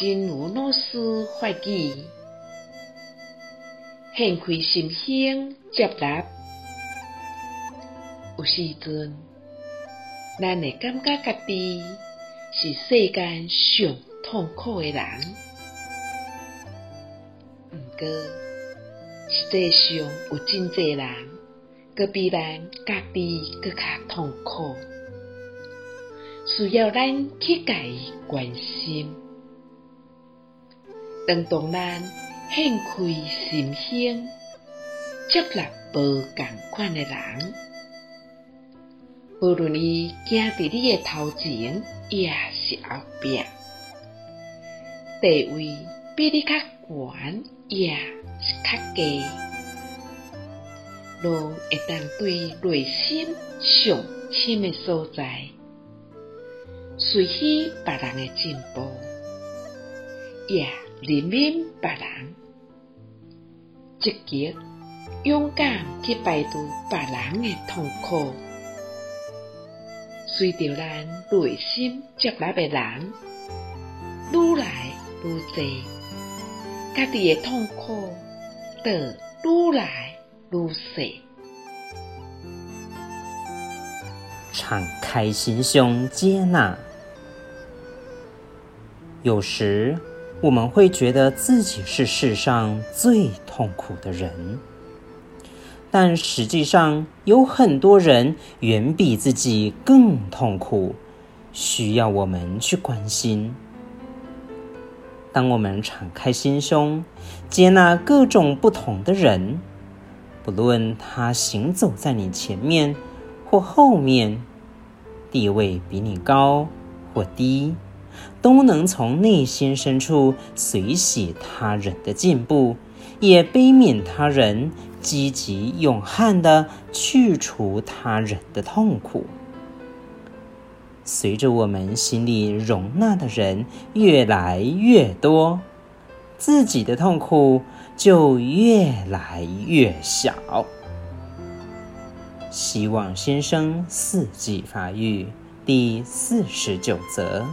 真如老師，法語，敞開心胸接納。有時陣，咱會感覺家己是世間上最痛苦的人。不過，實際上有真濟人，比咱家己更加痛苦，需要咱去加以關心。當咱敞開心胸，接納無共款的人，無論伊行佇你的頭前，抑是後壁，地位比你較懸，抑是較低，你攏會當對內心上深的所在，隨喜別人的進步，憐憫別人，積極勇悍去擺脫別人的痛苦，隨着人內心接納的人，愈來愈多，自己的痛苦越越，得愈來愈小。敞開心胸接納，有時。我們會覺得自己是世上最痛苦的人，但實際上有很多人遠比自己更痛苦，需要我們去關心。當我們敞開心胸，接納各種不同的人，不論他行走在你前面或後面，地位比你高或低，都能從內心深處隨喜他人的進步，也悲憫他人，積極勇悍地去除他人的痛苦。隨着我們心裡容納的人越來越多，自己的痛苦就越來越小。希望新生四季法語第四十九則。